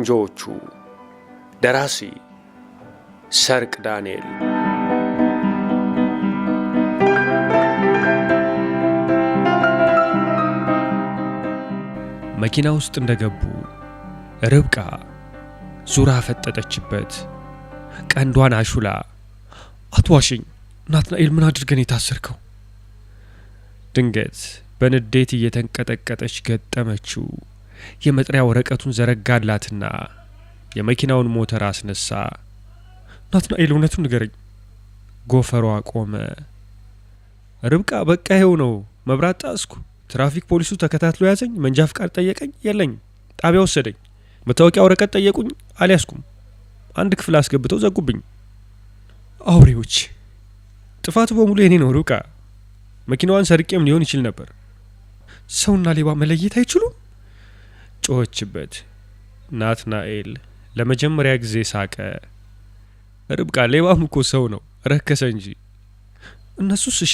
ቆንጆዎቹ ደራሲ ሰርቅ ዳንኤል መኪና ውስጥ እንደገቡ ርብቃ ዙራ ፈጠጠችበት። ቀንዷን አሹላ አትዋሽኝ ናትናኤል፣ ምን አድርገን የታሰርከው? ድንገት በንዴት እየተንቀጠቀጠች ገጠመችው። የመጥሪያ ወረቀቱን ዘረጋላትና የመኪናውን ሞተር አስነሳ። ናትናኤል እውነቱን ንገረኝ። ጎፈሯ ቆመ። ርብቃ በቃ ይኸው ነው፣ መብራት ጣስኩ፣ ትራፊክ ፖሊሱ ተከታትሎ ያዘኝ፣ መንጃ ፍቃድ ጠየቀኝ፣ የለኝ ጣቢያ ወሰደኝ፣ መታወቂያ ወረቀት ጠየቁኝ፣ አልያዝኩም፣ አንድ ክፍል አስገብተው ዘጉብኝ። አውሬዎች! ጥፋቱ በሙሉ የኔ ነው ርብቃ። መኪናዋን ሰርቄም ሊሆን ይችል ነበር። ሰውና ሌባ መለየት አይችሉም። ጮኸችበት። ናትናኤል ለመጀመሪያ ጊዜ ሳቀ። ርብቃ ሌባም እኮ ሰው ነው፣ ረከሰ እንጂ። እነሱስ? እሺ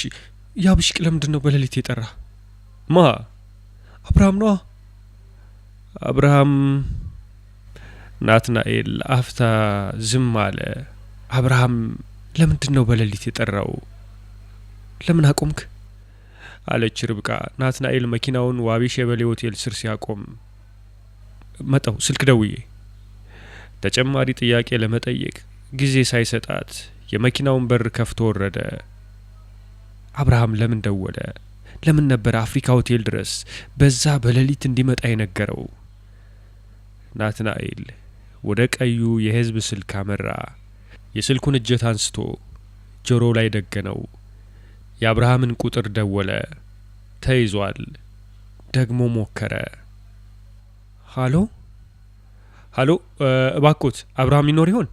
ያ ብሽቅ ለምንድን ነው በሌሊት የጠራ? ማ አብርሃም ነዋ። አብርሃም ናትናኤል አፍታ ዝም አለ። አብርሃም ለምንድን ነው በሌሊት የጠራው? ለምን አቆምክ? አለች ርብቃ ናትናኤል መኪናውን ዋቢ ሸበሌ ሆቴል ስር ሲያቆም መጣው ስልክ ደውዬ ተጨማሪ ጥያቄ ለመጠየቅ ጊዜ ሳይሰጣት የመኪናውን በር ከፍቶ ወረደ። አብርሃም ለምን ደወለ? ለምን ነበር አፍሪካ ሆቴል ድረስ በዛ በሌሊት እንዲመጣ የነገረው? ናትናኤል ወደ ቀዩ የህዝብ ስልክ አመራ። የስልኩን እጀታ አንስቶ ጆሮ ላይ ደገነው። የአብርሃምን ቁጥር ደወለ። ተይዟል። ደግሞ ሞከረ። ሀሎ ሃሎ እባኮት አብርሃም ይኖር ይሆን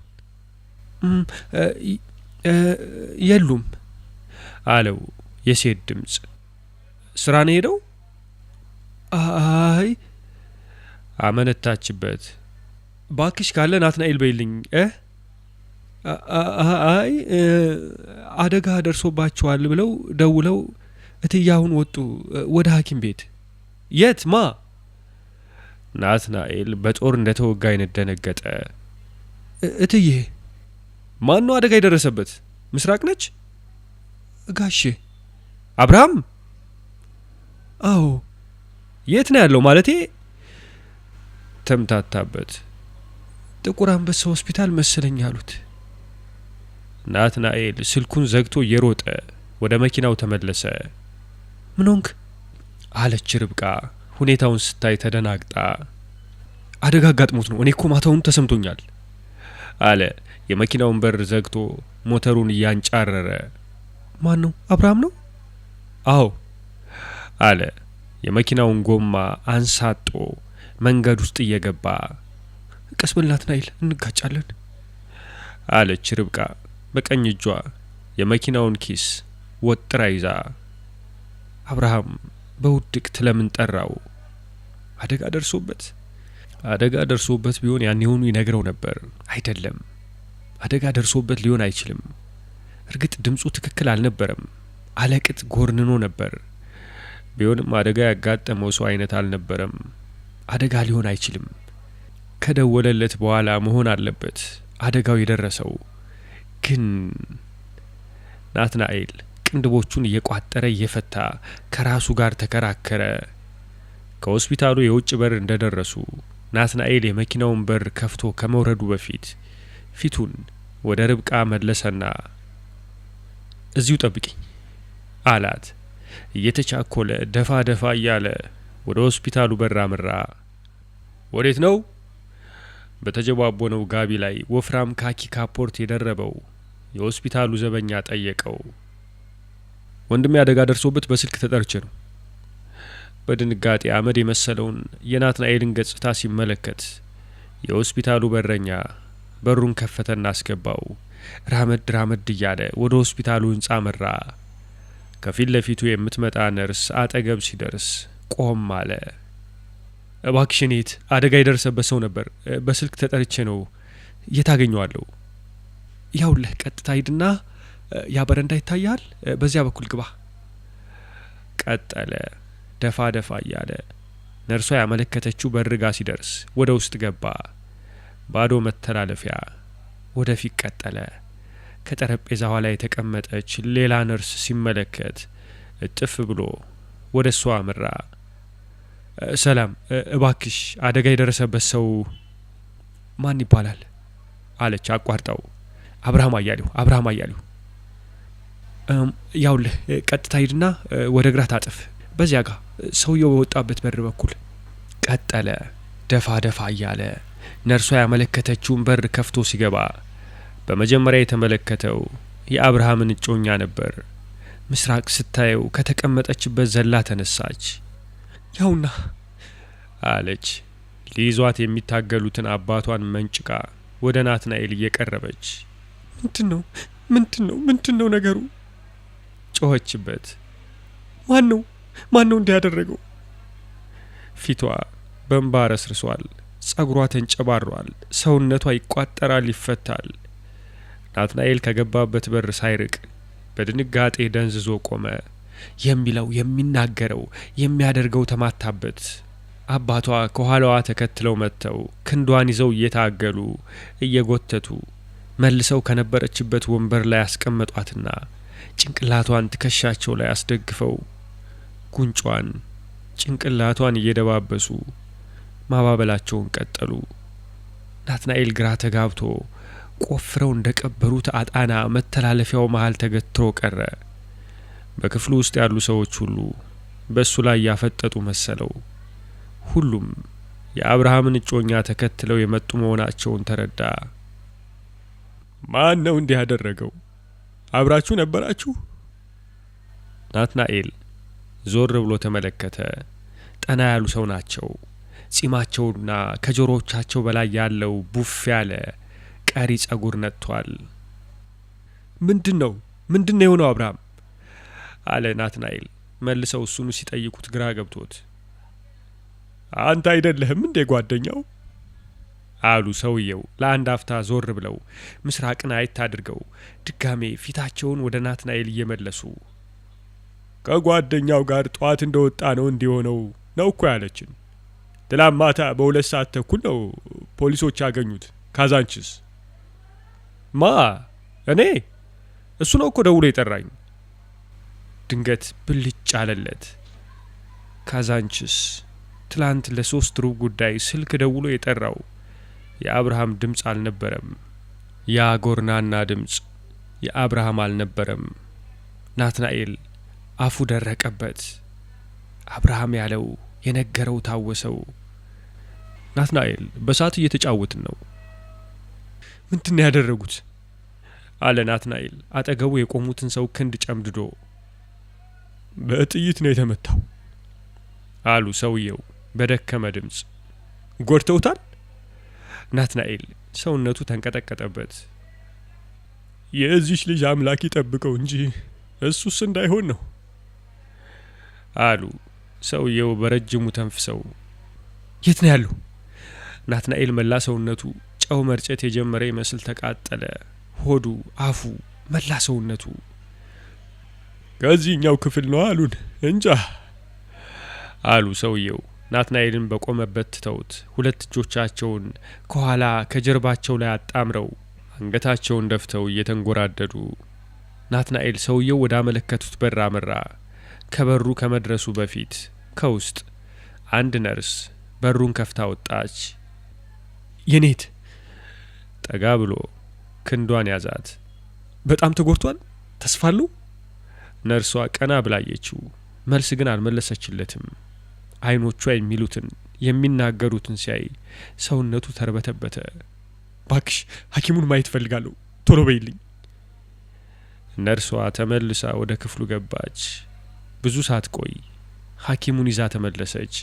የሉም አለው የሴት ድምፅ ስራ ነው ሄደው አይ አመነታችበት ባክሽ ካለ ናትናኤል በይልኝ እ አይ አደጋ ደርሶባቸዋል ብለው ደውለው እትያሁን ወጡ ወደ ሀኪም ቤት የት ማ ናትናኤል በጦር እንደተወጋ አይነት ደነገጠ። እትዬ ማን ነው አደጋ የደረሰበት? ምስራቅ ነች? ጋሼ አብርሃም? አዎ። የት ነው ያለው? ማለቴ ተምታታበት። ጥቁር አንበሳ ሆስፒታል መሰለኝ አሉት። ናትናኤል ስልኩን ዘግቶ እየሮጠ ወደ መኪናው ተመለሰ። ምን ሆንክ? አለች ርብቃ ሁኔታውን ስታይ ተደናግጣ አደጋ አጋጥሞት ነው እኔ እኮ ማታውን ተሰምቶኛል አለ። የመኪናውን በር ዘግቶ ሞተሩን እያንጫረረ ማን ነው? አብርሃም ነው? አዎ አለ። የመኪናውን ጎማ አንሳጦ መንገድ ውስጥ እየገባ ቀስ በላት ናይል እንጋጫለን አለች ርብቃ በቀኝ እጇ የመኪናውን ኪስ ወጥራ ይዛ አብርሃም በውድቅት ለምን ጠራው? አደጋ ደርሶበት አደጋ ደርሶበት ቢሆን የሆኑ ይነግረው ነበር። አይደለም፣ አደጋ ደርሶበት ሊሆን አይችልም። እርግጥ ድምፁ ትክክል አልነበረም። አለቅጥ ጎርንኖ ነበር። ቢሆንም አደጋ ያጋጠመው ሰው አይነት አልነበረም። አደጋ ሊሆን አይችልም። ከደወለለት በኋላ መሆን አለበት አደጋው የደረሰው። ግን ናትናኤል ቅንድቦቹን እየቋጠረ እየፈታ ከራሱ ጋር ተከራከረ። ከሆስፒታሉ የውጭ በር እንደደረሱ ናትናኤል የመኪናውን በር ከፍቶ ከመውረዱ በፊት ፊቱን ወደ ርብቃ መለሰና እዚሁ ጠብቂኝ አላት። እየተቻኮለ ደፋ ደፋ እያለ ወደ ሆስፒታሉ በር አመራ። ወዴት ነው? በተጀባቦነው ጋቢ ላይ ወፍራም ካኪ ካፖርት የደረበው የሆስፒታሉ ዘበኛ ጠየቀው። ወንድሜ አደጋ ደርሶበት በስልክ ተጠርቼ ነው። በድንጋጤ አመድ የመሰለውን የናትናኤልን ገጽታ ሲመለከት የሆስፒታሉ በረኛ በሩን ከፈተና አስገባው። ራመድ ራመድ እያለ ወደ ሆስፒታሉ ህንጻ መራ። ከፊት ለፊቱ የምትመጣ ነርስ አጠገብ ሲደርስ ቆም አለ። እባክሽኔት አደጋ የደረሰበት ሰው ነበር፣ በስልክ ተጠርቼ ነው። የት አገኘዋለሁ? ያውለህ ቀጥታ ሂድና ያ በረንዳ ይታያል፣ በዚያ በኩል ግባ ቀጠለ። ደፋ ደፋ እያለ ነርሷ ያመለከተችው በርጋ ሲደርስ ወደ ውስጥ ገባ። ባዶ መተላለፊያ ወደፊት ቀጠለ። ከጠረጴዛዋ ላይ የተቀመጠች ሌላ ነርስ ሲመለከት እጥፍ ብሎ ወደ እሷ ምራ ሰላም፣ እባክሽ አደጋ የደረሰበት ሰው ማን ይባላል? አለች አቋርጠው። አብርሃም አያሌው፣ አብርሃም አያሌው ያውልህ ቀጥታ ሂድና ወደ ግራ ታጥፍ፣ በዚያ ጋ ሰውየው በወጣበት በር በኩል ቀጠለ። ደፋ ደፋ እያለ ነርሷ ያመለከተችውን በር ከፍቶ ሲገባ በመጀመሪያ የተመለከተው የአብርሃምን እጮኛ ነበር። ምስራቅ ስታየው ከተቀመጠችበት ዘላ ተነሳች። ያውና አለች ሊይዟት የሚታገሉትን አባቷን መንጭቃ ወደ ናትናኤል እየቀረበች ምንድን ነው ምንድን ነው ምንድን ነው ነገሩ ጮኸችበት። ማን ነው ማን ነው እንዲያደረገው? ፊቷ በእንባ ረስርሷል። ጸጉሯ ተንጨባሯል። ሰውነቷ ይቋጠራል፣ ይፈታል። ናትናኤል ከገባበት በር ሳይርቅ በድንጋጤ ደንዝዞ ቆመ። የሚለው የሚናገረው የሚያደርገው ተማታበት። አባቷ ከኋላዋ ተከትለው መጥተው ክንዷን ይዘው እየታገሉ እየጎተቱ መልሰው ከነበረችበት ወንበር ላይ አስቀመጧትና። ጭንቅላቷን ትከሻቸው ላይ አስደግፈው ጉንጯን ጭንቅላቷን እየደባበሱ ማባበላቸውን ቀጠሉ። ናትናኤል ግራ ተጋብቶ ቆፍረው እንደ ቀበሩት አጣና መተላለፊያው መሀል ተገትሮ ቀረ። በክፍሉ ውስጥ ያሉ ሰዎች ሁሉ በእሱ ላይ ያፈጠጡ መሰለው። ሁሉም የአብርሃምን እጮኛ ተከትለው የመጡ መሆናቸውን ተረዳ። ማን ነው እንዲህ ያደረገው? አብራችሁ ነበራችሁ? ናትናኤል ዞር ብሎ ተመለከተ። ጠና ያሉ ሰው ናቸው። ጺማቸውና ከጆሮዎቻቸው በላይ ያለው ቡፍ ያለ ቀሪ ጸጉር ነጥቷል። ምንድን ነው ምንድን ነው የሆነው አብርሃም? አለ ናትናኤል መልሰው እሱኑ ሲጠይቁት ግራ ገብቶት አንተ አይደለህም እንዴ ጓደኛው አሉ ሰውየው ለአንድ አፍታ ዞር ብለው ምስራቅን አየት አድርገው ድጋሜ ፊታቸውን ወደ ናትናኤል እየመለሱ ከጓደኛው ጋር ጠዋት እንደወጣ ነው እንዲሆነው ነው እኮ ያለችን። ትላም ማታ በሁለት ሰዓት ተኩል ነው ፖሊሶች ያገኙት። ካዛንችስ ማ እኔ እሱ ነው እኮ ደውሎ የጠራኝ። ድንገት ብልጭ አለለት። ካዛንችስ ትላንት ለሶስት ሩብ ጉዳይ ስልክ ደውሎ የጠራው የአብርሃም ድምፅ አልነበረም። ያ ጎርናና ድምፅ የአብርሃም አልነበረም። ናትናኤል አፉ ደረቀበት። አብርሃም ያለው የነገረው ታወሰው። ናትናኤል በእሳት እየተጫወትን ነው። ምንድን ያደረጉት? አለ ናትናኤል አጠገቡ የቆሙትን ሰው ክንድ ጨምድዶ። በጥይት ነው የተመታው አሉ ሰውየው በደከመ ድምፅ። ጎድተውታል ናትናኤል ሰውነቱ ተንቀጠቀጠበት። የዚች ልጅ አምላክ ይጠብቀው እንጂ እሱስ እንዳይሆን ነው አሉ ሰውየው በረጅሙ ተንፍሰው። የት ነው ያለው? ናትናኤል መላ ሰውነቱ ጨው መርጨት የጀመረ ይመስል ተቃጠለ። ሆዱ፣ አፉ፣ መላ ሰውነቱ ከዚህኛው ክፍል ነው አሉን። እንጃ አሉ ሰውየው። ናትናኤልን በቆመበት ትተውት ሁለት እጆቻቸውን ከኋላ ከጀርባቸው ላይ አጣምረው አንገታቸውን ደፍተው እየተንጎራደዱ ናትናኤል ሰውየው ወዳመለከቱት በር አመራ። ከበሩ ከመድረሱ በፊት ከውስጥ አንድ ነርስ በሩን ከፍታ ወጣች። የኔት ጠጋ ብሎ ክንዷን ያዛት። በጣም ተጎድቷል። ተስፋሉ ነርሷ ቀና ብላየችው። መልስ ግን አልመለሰችለትም። አይኖቿ የሚሉትን የሚናገሩትን ሲያይ ሰውነቱ ተርበተበተ። ባክሽ ሐኪሙን ማየት እፈልጋለሁ፣ ቶሎ በይልኝ። ነርሷ ተመልሳ ወደ ክፍሉ ገባች። ብዙ ሰዓት ቆይ ሐኪሙን ይዛ ተመለሰች።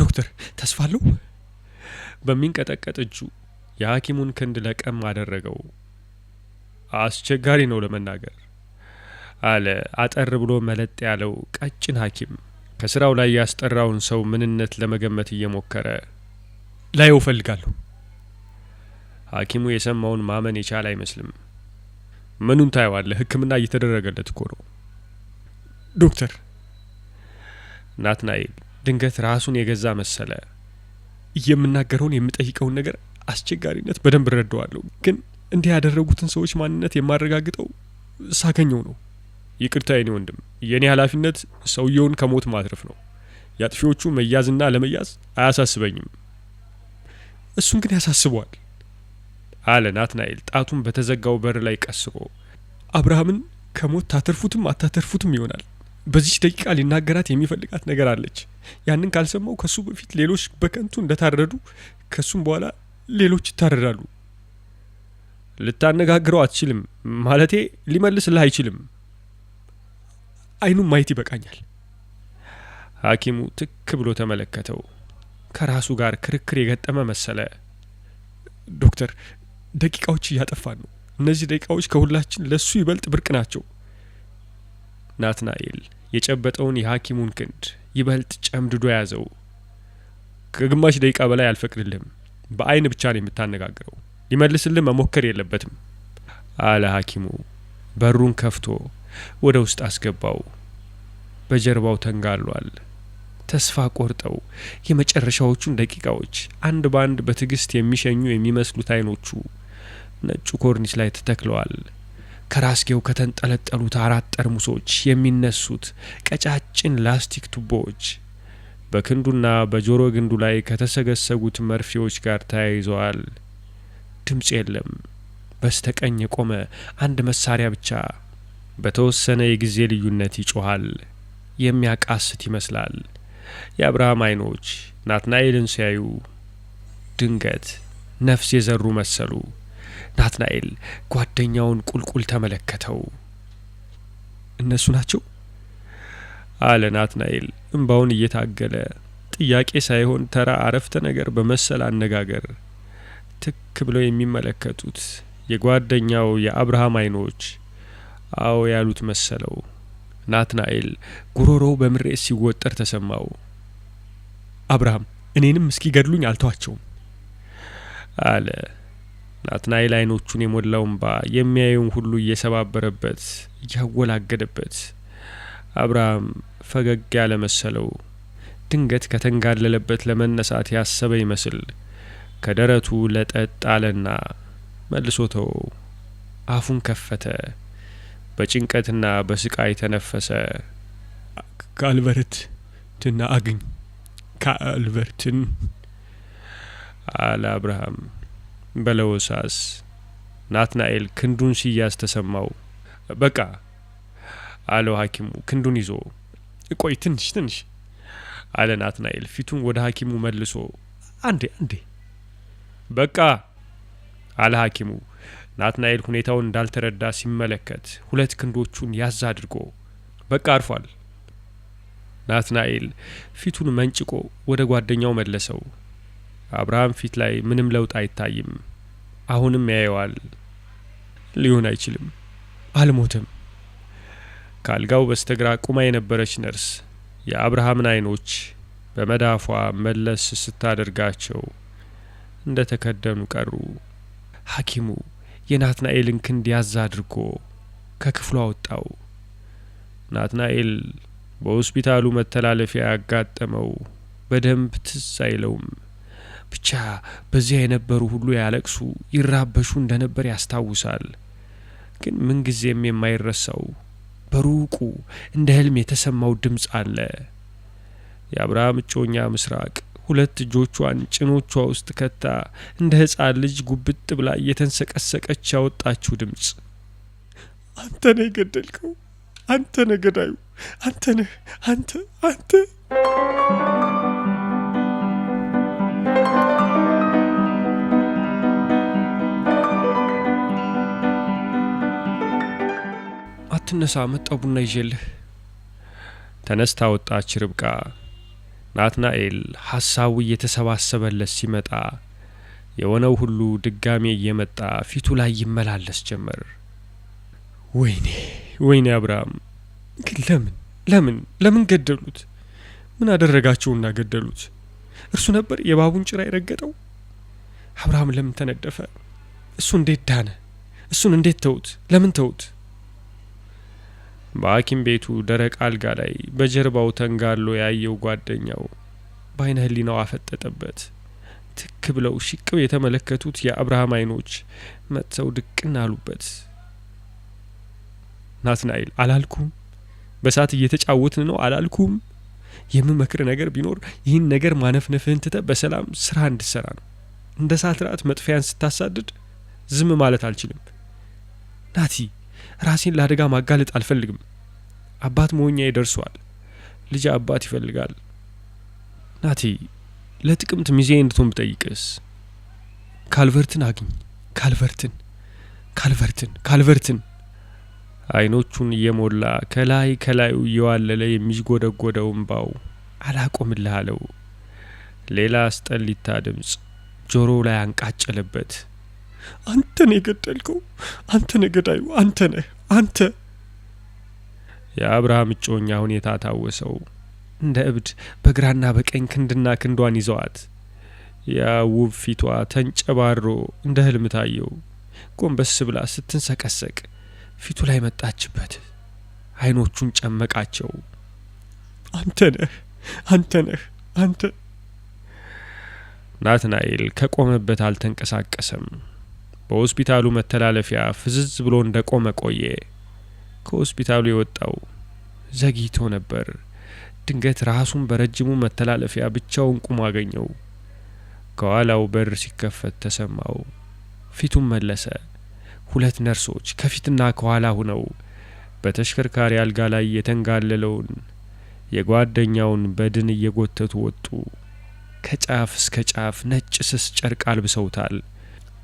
ዶክተር ተስፋ አለው። በሚንቀጠቀጥ እጁ የሐኪሙን ክንድ ለቀም አደረገው። አስቸጋሪ ነው ለመናገር አለ አጠር ብሎ መለጥ ያለው ቀጭን ሐኪም ከስራው ላይ ያስጠራውን ሰው ምንነት ለመገመት እየሞከረ ላይ እፈልጋለሁ። ሐኪሙ የሰማውን ማመን የቻለ አይመስልም። ምኑን ታየዋለህ? ሕክምና እየተደረገለት እኮ ነው ዶክተር። ናትናኤል ድንገት ራሱን የገዛ መሰለ። የምናገረውን የምጠይቀውን ነገር አስቸጋሪነት በደንብ እረዳዋለሁ፣ ግን እንዲህ ያደረጉትን ሰዎች ማንነት የማረጋግጠው ሳገኘው ነው። ይቅርታ የኔ ወንድም፣ የኔ ኃላፊነት ሰውየውን ከሞት ማትረፍ ነው። የአጥፊዎቹ መያዝና ለመያዝ አያሳስበኝም። እሱን ግን ያሳስበዋል አለ ናትናኤል ጣቱን በተዘጋው በር ላይ ቀስሮ። አብርሃምን ከሞት ታተርፉትም አታተርፉትም ይሆናል። በዚች ደቂቃ ሊናገራት የሚፈልጋት ነገር አለች። ያንን ካልሰማው ከሱ በፊት ሌሎች በከንቱ እንደታረዱ ከሱም በኋላ ሌሎች ይታረዳሉ። ልታነጋግረው አትችልም፣ ማለቴ ሊመልስልህ አይችልም አይኑን ማየት ይበቃኛል። ሐኪሙ ትክ ብሎ ተመለከተው። ከራሱ ጋር ክርክር የገጠመ መሰለ። ዶክተር፣ ደቂቃዎች እያጠፋን ነው። እነዚህ ደቂቃዎች ከሁላችን ለሱ ይበልጥ ብርቅ ናቸው። ናትናኤል የጨበጠውን የሐኪሙን ክንድ ይበልጥ ጨምድዶ ያዘው። ከግማሽ ደቂቃ በላይ አልፈቅድልህም። በአይን ብቻ ነው የምታነጋግረው። ሊመልስልህ መሞከር የለበትም አለ ሐኪሙ በሩን ከፍቶ ወደ ውስጥ አስገባው። በጀርባው ተንጋሏል። ተስፋ ቆርጠው የመጨረሻዎቹን ደቂቃዎች አንድ በአንድ በትዕግስት የሚሸኙ የሚመስሉት አይኖቹ ነጩ ኮርኒስ ላይ ተተክለዋል። ከራስጌው ከተንጠለጠሉት አራት ጠርሙሶች የሚነሱት ቀጫጭን ላስቲክ ቱቦዎች በክንዱና በጆሮ ግንዱ ላይ ከተሰገሰጉት መርፌዎች ጋር ተያይዘዋል። ድምፅ የለም። በስተቀኝ የቆመ አንድ መሳሪያ ብቻ በተወሰነ የጊዜ ልዩነት ይጮኋል። የሚያቃስት ይመስላል። የአብርሃም አይኖች ናትናኤልን ሲያዩ ድንገት ነፍስ የዘሩ መሰሉ። ናትናኤል ጓደኛውን ቁልቁል ተመለከተው። እነሱ ናቸው አለ ናትናኤል እምባውን እየታገለ ጥያቄ ሳይሆን ተራ አረፍተ ነገር በመሰል አነጋገር። ትክ ብለው የሚመለከቱት የጓደኛው የአብርሃም አይኖች አዎ ያሉት መሰለው። ናትናኤል ጉሮሮው በምሬት ሲወጠር ተሰማው። አብርሃም እኔንም እስኪገድሉኝ አልተዋቸውም አለ። ናትናኤል አይኖቹን የሞላውን ባ የሚያየውን ሁሉ እየሰባበረበት እያወላገደበት፣ አብርሃም ፈገግ ያለ መሰለው። ድንገት ከተንጋለለበት ለመነሳት ያሰበ ይመስል ከደረቱ ለጠጥ አለና መልሶ ተወው። አፉን ከፈተ። በጭንቀትና በስቃይ ተነፈሰ። ከአልበርት ትና አግኝ ከአልበርትን አለ አብርሃም በለወሳስ። ናትናኤል ክንዱን ሲያዝ ተሰማው። በቃ አለው ሐኪሙ ክንዱን ይዞ። ቆይ ትንሽ ትንሽ አለ ናትናኤል ፊቱን ወደ ሐኪሙ መልሶ። አንዴ አንዴ በቃ አለ ሐኪሙ ናትናኤል ሁኔታውን እንዳልተረዳ ሲመለከት ሁለት ክንዶቹን ያዝ አድርጎ በቃ አርፏል። ናትናኤል ፊቱን መንጭቆ ወደ ጓደኛው መለሰው። አብርሃም ፊት ላይ ምንም ለውጥ አይታይም። አሁንም ያየዋል። ሊሆን አይችልም፣ አልሞትም። ከአልጋው በስተግራ ቁማ የነበረች ነርስ የአብርሃምን አይኖች በመዳፏ መለስ ስታደርጋቸው እንደ ተከደኑ ቀሩ። ሐኪሙ የናትናኤልን ክንድ ያዝ አድርጎ ከክፍሉ አወጣው። ናትናኤል በሆስፒታሉ መተላለፊያ ያጋጠመው በደንብ ትዝ አይለውም። ብቻ በዚያ የነበሩ ሁሉ ያለቅሱ፣ ይራበሹ እንደነበር ያስታውሳል። ግን ምንጊዜም የማይረሳው በሩቁ እንደ ህልም የተሰማው ድምፅ አለ። የአብርሃም እጮኛ ምስራቅ ሁለት እጆቿን ጭኖቿ ውስጥ ከታ እንደ ሕፃን ልጅ ጉብጥ ብላ እየተንሰቀሰቀች ያወጣችው ድምፅ አንተ ነህ የገደልከው፣ አንተ ነህ ገዳዩ፣ አንተ ነህ፣ አንተ አንተ። አትነሳ፣ መጣ ቡና ይዤልህ። ተነስታ ወጣች ርብቃ። ናትናኤል ሐሳቡ እየተሰባሰበለት ሲመጣ የሆነው ሁሉ ድጋሜ እየመጣ ፊቱ ላይ ይመላለስ ጀመር። ወይኔ ወይኔ፣ አብርሃም ግን ለምን ለምን ለምን ገደሉት? ምን አደረጋቸውና ገደሉት? እርሱ ነበር የባቡን ጭራ የረገጠው? አብርሃም ለምን ተነደፈ? እሱ እንዴት ዳነ? እሱን እንዴት ተውት? ለምን ተውት? በሐኪም ቤቱ ደረቅ አልጋ ላይ በጀርባው ተንጋሎ ያየው ጓደኛው በአይነ ህሊናው አፈጠጠበት። ትክ ብለው ሽቅብ የተመለከቱት የአብርሃም አይኖች መጥተው ድቅን አሉበት። ናትናኤል አላልኩም፣ በሳት እየተጫወትን ነው አላልኩም። የምመክር ነገር ቢኖር ይህን ነገር ማነፍነፍህን ትተ በሰላም ስራ እንድሰራ ነው። እንደ ሳት ራት መጥፊያን ስታሳድድ ዝም ማለት አልችልም ናቲ ራሴን ለአደጋ ማጋለጥ አልፈልግም። አባት መሆኛ ይደርሰዋል ልጅ አባት ይፈልጋል። ናቲ ለጥቅምት ሚዜ እንድትሆን ብጠይቅስ? ካልቨርትን አግኝ፣ ካልቨርትን፣ ካልቨርትን፣ ካልቨርትን። አይኖቹን እየሞላ ከላይ ከላዩ እየዋለለ የሚጎደጎደው እምባው አላቆምልህ አለው። ሌላ አስጠሊታ ድምፅ ጆሮ ላይ አንቃጨለበት። አንተ ነህ የገደልከው፣ አንተ ነህ ገዳዩ፣ አንተ ነህ አንተ። የአብርሃም እጮኛ ሁኔታ ታወሰው። እንደ እብድ በግራና በቀኝ ክንድና ክንዷን ይዘዋት፣ ያ ውብ ፊቷ ተንጨባሮ እንደ ህልም ታየው። ጎንበስ ብላ ስትንሰቀሰቅ ፊቱ ላይ መጣችበት፣ አይኖቹን ጨመቃቸው። አንተ ነህ አንተ ነህ አንተ ናትናኤል ከቆመበት አልተንቀሳቀሰም። በሆስፒታሉ መተላለፊያ ፍዝዝ ብሎ እንደቆመ ቆየ። ከሆስፒታሉ የወጣው ዘግይቶ ነበር። ድንገት ራሱን በረጅሙ መተላለፊያ ብቻውን ቁሞ አገኘው። ከኋላው በር ሲከፈት ተሰማው። ፊቱን መለሰ። ሁለት ነርሶች ከፊትና ከኋላ ሁነው በተሽከርካሪ አልጋ ላይ የተንጋለለውን የጓደኛውን በድን እየጎተቱ ወጡ። ከጫፍ እስከ ጫፍ ነጭ ስስ ጨርቅ አልብሰውታል።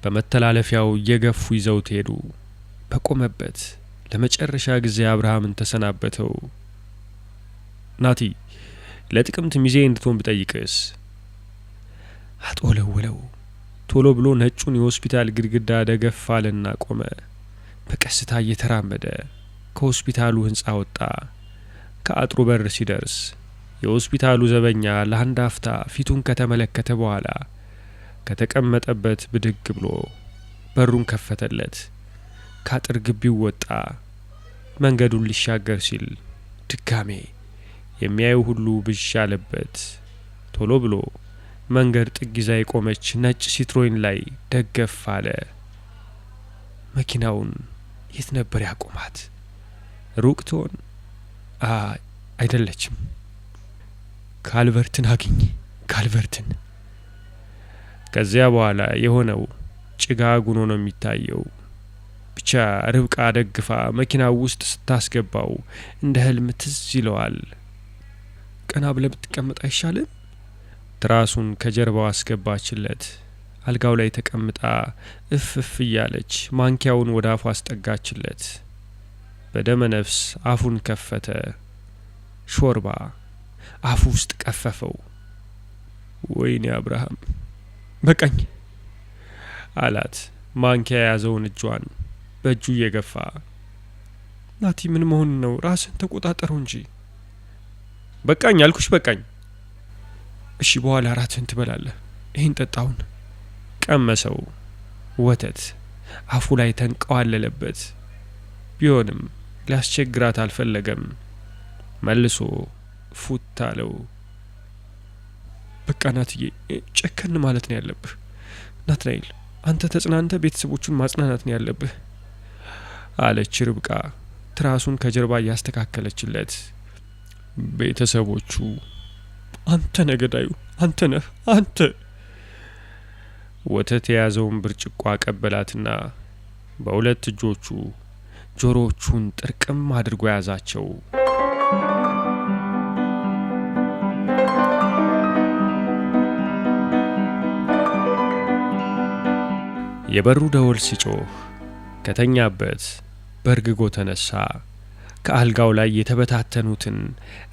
በመተላለፊያው እየገፉ ይዘውት ሄዱ። በቆመበት ለመጨረሻ ጊዜ አብርሃምን ተሰናበተው። ናቲ ለጥቅምት ሚዜ እንድትሆን ብጠይቅስ? አጦለወለው። ቶሎ ብሎ ነጩን የሆስፒታል ግድግዳ ደገፍ አለና ቆመ። በቀስታ እየተራመደ ከሆስፒታሉ ህንፃ ወጣ። ከአጥሩ በር ሲደርስ የሆስፒታሉ ዘበኛ ለአንድ አፍታ ፊቱን ከተመለከተ በኋላ ከተቀመጠበት ብድግ ብሎ በሩን ከፈተለት። ከአጥር ግቢው ወጣ። መንገዱን ሊሻገር ሲል ድጋሜ የሚያየው ሁሉ ብዥ አለበት። ቶሎ ብሎ መንገድ ጥግ ይዛ የቆመች ነጭ ሲትሮይን ላይ ደገፍ አለ። መኪናውን የት ነበር ያቆማት? ሩቅ ትሆን? አይደለችም። ካልቨርትን አግኝ፣ ካልቨርትን ከዚያ በኋላ የሆነው ጭጋግ ሆኖ ነው የሚታየው። ብቻ ርብቃ ደግፋ መኪና ውስጥ ስታስገባው እንደ ህልም ትዝ ይለዋል። ቀና ብለህ ብትቀመጥ አይሻልም? ትራሱን ከጀርባው አስገባችለት። አልጋው ላይ ተቀምጣ እፍ እፍ እያለች ማንኪያውን ወደ አፉ አስጠጋችለት። በደመ ነፍስ አፉን ከፈተ። ሾርባ አፉ ውስጥ ቀፈፈው። ወይኔ አብርሃም በቃኝ አላት። ማንኪያ የያዘውን እጇን በእጁ እየገፋ ናቲ፣ ምን መሆን ነው? ራስን ተቆጣጠረው እንጂ። በቃኝ አልኩሽ፣ በቃኝ። እሺ፣ በኋላ ራትህን ትበላለህ። ይህን ጠጣውን። ቀመሰው። ወተት አፉ ላይ ተንቀዋለለበት። ቢሆንም ሊያስቸግራት አልፈለገም። መልሶ ፉት አለው። በቃ ናትዬ ጨከን ማለት ነው ያለብህ። ናትናኤል አንተ ተጽናንተ ቤተሰቦቹን ማጽናናት ነው ያለብህ አለች ርብቃ ትራሱን ከጀርባ እያስተካከለችለት። ቤተሰቦቹ አንተ ነገዳዩ አንተ ነህ አንተ። ወተት የያዘውን ብርጭቆ አቀበላትና በሁለት እጆቹ ጆሮዎቹን ጥርቅም አድርጎ ያዛቸው። የበሩ ደወል ሲጮህ ከተኛበት በርግጎ ተነሳ። ከአልጋው ላይ የተበታተኑትን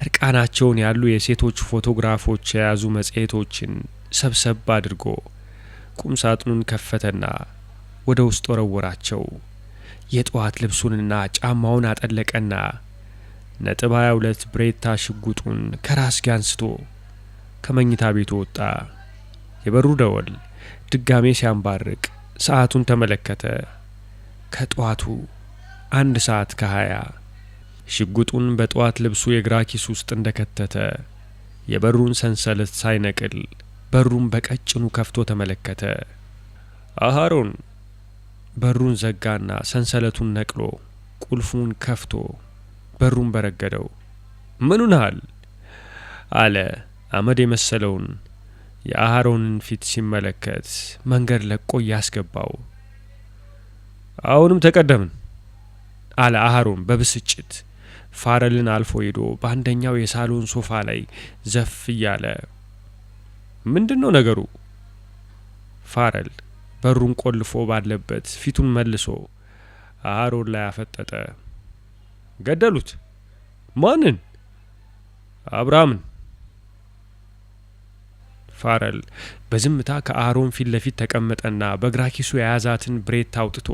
እርቃናቸውን ያሉ የሴቶች ፎቶግራፎች የያዙ መጽሔቶችን ሰብሰብ አድርጎ ቁም ሳጥኑን ከፈተና ወደ ውስጥ ወረወራቸው። የጠዋት ልብሱንና ጫማውን አጠለቀና ነጥብ 22 ብሬታ ሽጉጡን ከራስጌ አንስቶ ከመኝታ ቤቱ ወጣ። የበሩ ደወል ድጋሜ ሲያንባርቅ ሰዓቱን ተመለከተ። ከጠዋቱ አንድ ሰዓት ከሀያ ሽጉጡን በጠዋት ልብሱ የግራ ኪስ ውስጥ እንደከተተ የበሩን ሰንሰለት ሳይነቅል በሩን በቀጭኑ ከፍቶ ተመለከተ። አሃሮን በሩን ዘጋና ሰንሰለቱን ነቅሎ ቁልፉን ከፍቶ በሩን በረገደው። ምኑን አል አለ አመድ የመሰለውን የአሃሮንን ፊት ሲመለከት መንገድ ለቆ እያስገባው። አሁንም ተቀደምን አለ አሃሮን በብስጭት። ፋረልን አልፎ ሄዶ በአንደኛው የሳሎን ሶፋ ላይ ዘፍ እያለ ምንድን ነው ነገሩ? ፋረል በሩን ቆልፎ ባለበት ፊቱን መልሶ አሮን ላይ አፈጠጠ። ገደሉት። ማንን? አብርሃምን ፋረል በዝምታ ከአሮን ፊት ለፊት ተቀመጠና በግራ ኪሱ የያዛትን ብሬት አውጥቶ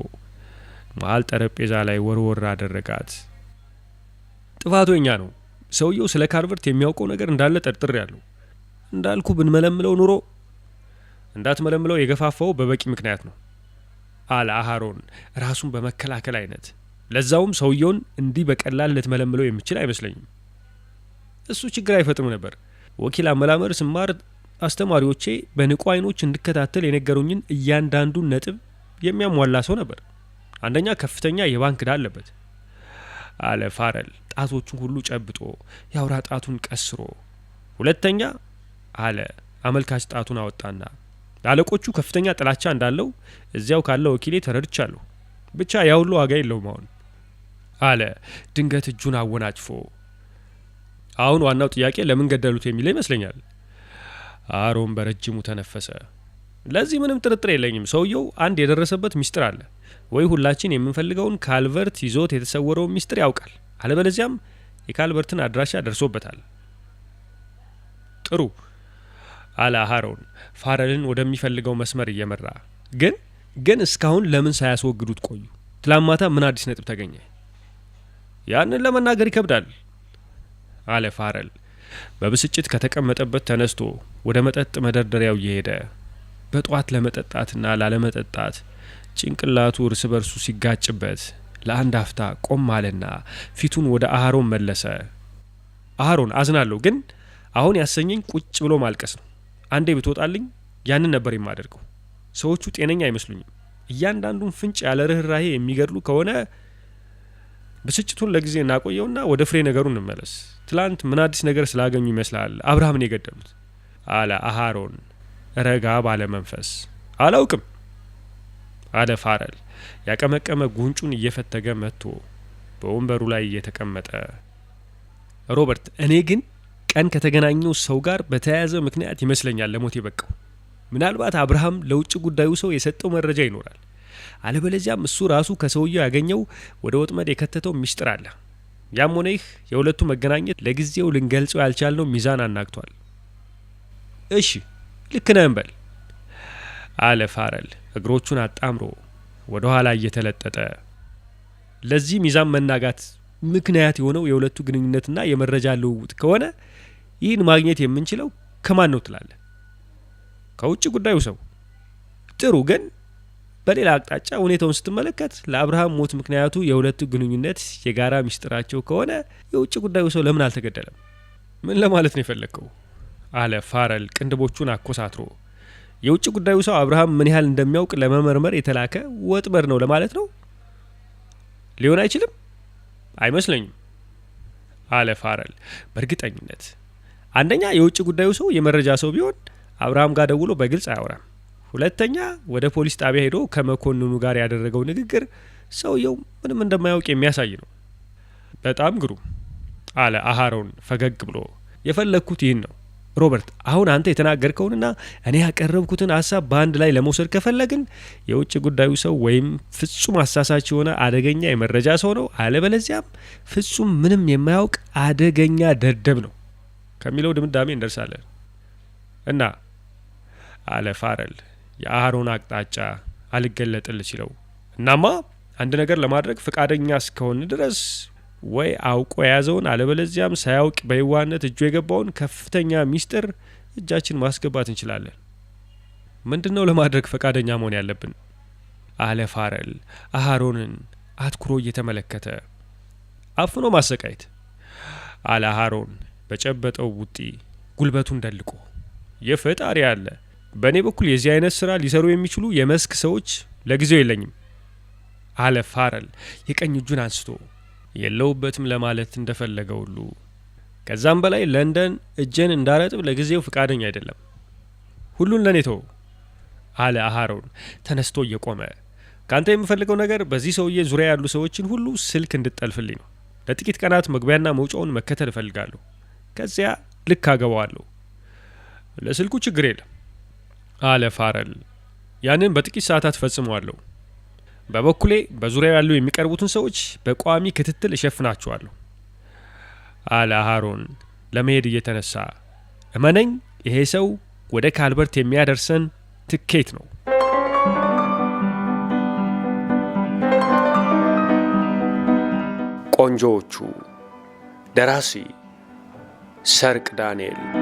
መሀል ጠረጴዛ ላይ ወርወር አደረጋት። ጥፋቱ እኛ ነው። ሰውየው ስለ ካርቨርት የሚያውቀው ነገር እንዳለ ጠርጥር ያለው እንዳልኩ ብንመለምለው ኑሮ እንዳትመለምለው የገፋፋው በበቂ ምክንያት ነው አለ አሃሮን ራሱን በመከላከል አይነት። ለዛውም ሰውየውን እንዲህ በቀላል ልትመለምለው የምችል አይመስለኝም። እሱ ችግር አይፈጥርም ነበር። ወኪል አመላመር ስማር አስተማሪዎቼ በንቁ አይኖች እንድከታተል የነገሩኝን እያንዳንዱን ነጥብ የሚያሟላ ሰው ነበር። አንደኛ ከፍተኛ የባንክ ዕዳ አለበት አለ ፋረል ጣቶቹን ሁሉ ጨብጦ የአውራ ጣቱን ቀስሮ። ሁለተኛ አለ አመልካች ጣቱን አወጣና ለአለቆቹ ከፍተኛ ጥላቻ እንዳለው እዚያው ካለው ወኪሌ ተረድቻለሁ። ብቻ ያ ሁሉ ዋጋ የለውም አሁን አለ ድንገት እጁን አወናጭፎ። አሁን ዋናው ጥያቄ ለምን ገደሉት የሚለው ይመስለኛል አሮን በረጅሙ ተነፈሰ። ለዚህ ምንም ጥርጥር የለኝም። ሰውየው አንድ የደረሰበት ሚስጥር አለ። ወይ ሁላችን የምንፈልገውን ካልቨርት ይዞት የተሰወረውን ሚስጥር ያውቃል፣ አለበለዚያም የካልቨርትን አድራሻ ደርሶበታል። ጥሩ አለ አሮን ፋረልን ወደሚፈልገው መስመር እየመራ ግን ግን እስካሁን ለምን ሳያስወግዱት ቆዩ? ትላንት ማታ ምን አዲስ ነጥብ ተገኘ? ያንን ለመናገር ይከብዳል አለ ፋረል በብስጭት ከተቀመጠበት ተነስቶ ወደ መጠጥ መደርደሪያው እየሄደ በጧት ለመጠጣትና ላለመጠጣት ጭንቅላቱ እርስ በርሱ ሲጋጭበት ለአንድ አፍታ ቆም አለና ፊቱን ወደ አህሮን መለሰ። አህሮን አዝናለሁ፣ ግን አሁን ያሰኘኝ ቁጭ ብሎ ማልቀስ ነው። አንዴ ብትወጣልኝ ያንን ነበር የማደርገው። ሰዎቹ ጤነኛ አይመስሉኝም። እያንዳንዱን ፍንጭ ያለ ርኅራሄ የሚገድሉ ከሆነ ብስጭቱን ለጊዜ እናቆየውና ወደ ፍሬ ነገሩ እንመለስ። ትላንት ምን አዲስ ነገር ስላገኙ ይመስላል አብርሃምን የገደሉት? አለ አሃሮን ረጋ ባለ መንፈስ። አላውቅም አለ ፋረል ያቀመቀመ ጉንጩን እየፈተገ መጥቶ በወንበሩ ላይ እየተቀመጠ ሮበርት፣ እኔ ግን ቀን ከተገናኘው ሰው ጋር በተያያዘ ምክንያት ይመስለኛል ለሞት የበቃው። ምናልባት አብርሃም ለውጭ ጉዳዩ ሰው የሰጠው መረጃ ይኖራል። አለበለዚያም እሱ ራሱ ከሰውየው ያገኘው ወደ ወጥመድ የከተተው ሚስጥር አለ። ያም ሆነ ይህ የሁለቱ መገናኘት ለጊዜው ልንገልጸው ያልቻልነው ሚዛን አናግቷል። እሺ ልክ ነህ እንበል አለ ፋረል እግሮቹን አጣምሮ ወደ ኋላ እየተለጠጠ። ለዚህ ሚዛን መናጋት ምክንያት የሆነው የሁለቱ ግንኙነትና የመረጃ ልውውጥ ከሆነ ይህን ማግኘት የምንችለው ከማን ነው ትላለ? ከውጭ ጉዳዩ ሰው። ጥሩ ግን በሌላ አቅጣጫ ሁኔታውን ስትመለከት ለአብርሃም ሞት ምክንያቱ የሁለቱ ግንኙነት የጋራ ሚስጥራቸው ከሆነ የውጭ ጉዳዩ ሰው ለምን አልተገደለም? ምን ለማለት ነው የፈለግከው? አለ ፋረል ቅንድቦቹን አኮሳትሮ። የውጭ ጉዳዩ ሰው አብርሃም ምን ያህል እንደሚያውቅ ለመመርመር የተላከ ወጥመድ ነው ለማለት ነው? ሊሆን አይችልም። አይመስለኝም አለ ፋረል በእርግጠኝነት። አንደኛ የውጭ ጉዳዩ ሰው የመረጃ ሰው ቢሆን አብርሃም ጋር ደውሎ በግልጽ አያወራም። ሁለተኛ ወደ ፖሊስ ጣቢያ ሄዶ ከመኮንኑ ጋር ያደረገው ንግግር ሰውየው ምንም እንደማያውቅ የሚያሳይ ነው። በጣም ግሩም አለ አሃሮን ፈገግ ብሎ። የፈለግኩት ይህን ነው ሮበርት። አሁን አንተ የተናገርከውንና እኔ ያቀረብኩትን ሀሳብ በአንድ ላይ ለመውሰድ ከፈለግን የውጭ ጉዳዩ ሰው ወይም ፍጹም አሳሳች የሆነ አደገኛ የመረጃ ሰው ነው፣ አለበለዚያም ፍጹም ምንም የማያውቅ አደገኛ ደደብ ነው ከሚለው ድምዳሜ እንደርሳለን እና አለ ፋረል የአህሮን አቅጣጫ አልገለጥል ሲለው እናማ አንድ ነገር ለማድረግ ፈቃደኛ እስከሆን ድረስ ወይ አውቆ የያዘውን አለበለዚያም ሳያውቅ በይዋነት እጁ የገባውን ከፍተኛ ሚስጥር እጃችን ማስገባት እንችላለን። ምንድን ነው ለማድረግ ፈቃደኛ መሆን ያለብን? አለ ፋረል አሃሮንን አትኩሮ እየተመለከተ። አፍኖ ማሰቃየት አለ አሃሮን በጨበጠው ቡጢ ጉልበቱን ደልቆ። የፈጣሪ አለ በእኔ በኩል የዚህ አይነት ስራ ሊሰሩ የሚችሉ የመስክ ሰዎች ለጊዜው የለኝም አለ ፋረል የቀኝ እጁን አንስቶ የለውበትም ለማለት እንደፈለገ ሁሉ። ከዛም በላይ ለንደን እጄን እንዳረጥብ ለጊዜው ፍቃደኛ አይደለም። ሁሉን ለእኔ ተው አለ አሃሮን ተነስቶ እየቆመ። ከአንተ የምፈልገው ነገር በዚህ ሰውዬ ዙሪያ ያሉ ሰዎችን ሁሉ ስልክ እንድጠልፍልኝ ነው። ለጥቂት ቀናት መግቢያና መውጫውን መከተል እፈልጋለሁ። ከዚያ ልክ አገባዋለሁ። ለስልኩ ችግር የለም አለ ፋረል። ያንን በጥቂት ሰዓታት ፈጽሟለሁ። በበኩሌ በዙሪያው ያሉ የሚቀርቡትን ሰዎች በቋሚ ክትትል እሸፍናቸዋለሁ አለ አሃሮን ለመሄድ እየተነሳ። እመነኝ፣ ይሄ ሰው ወደ ካልበርት የሚያደርሰን ትኬት ነው። ቆንጆዎቹ ደራሲ ሰርቅ ዳንኤል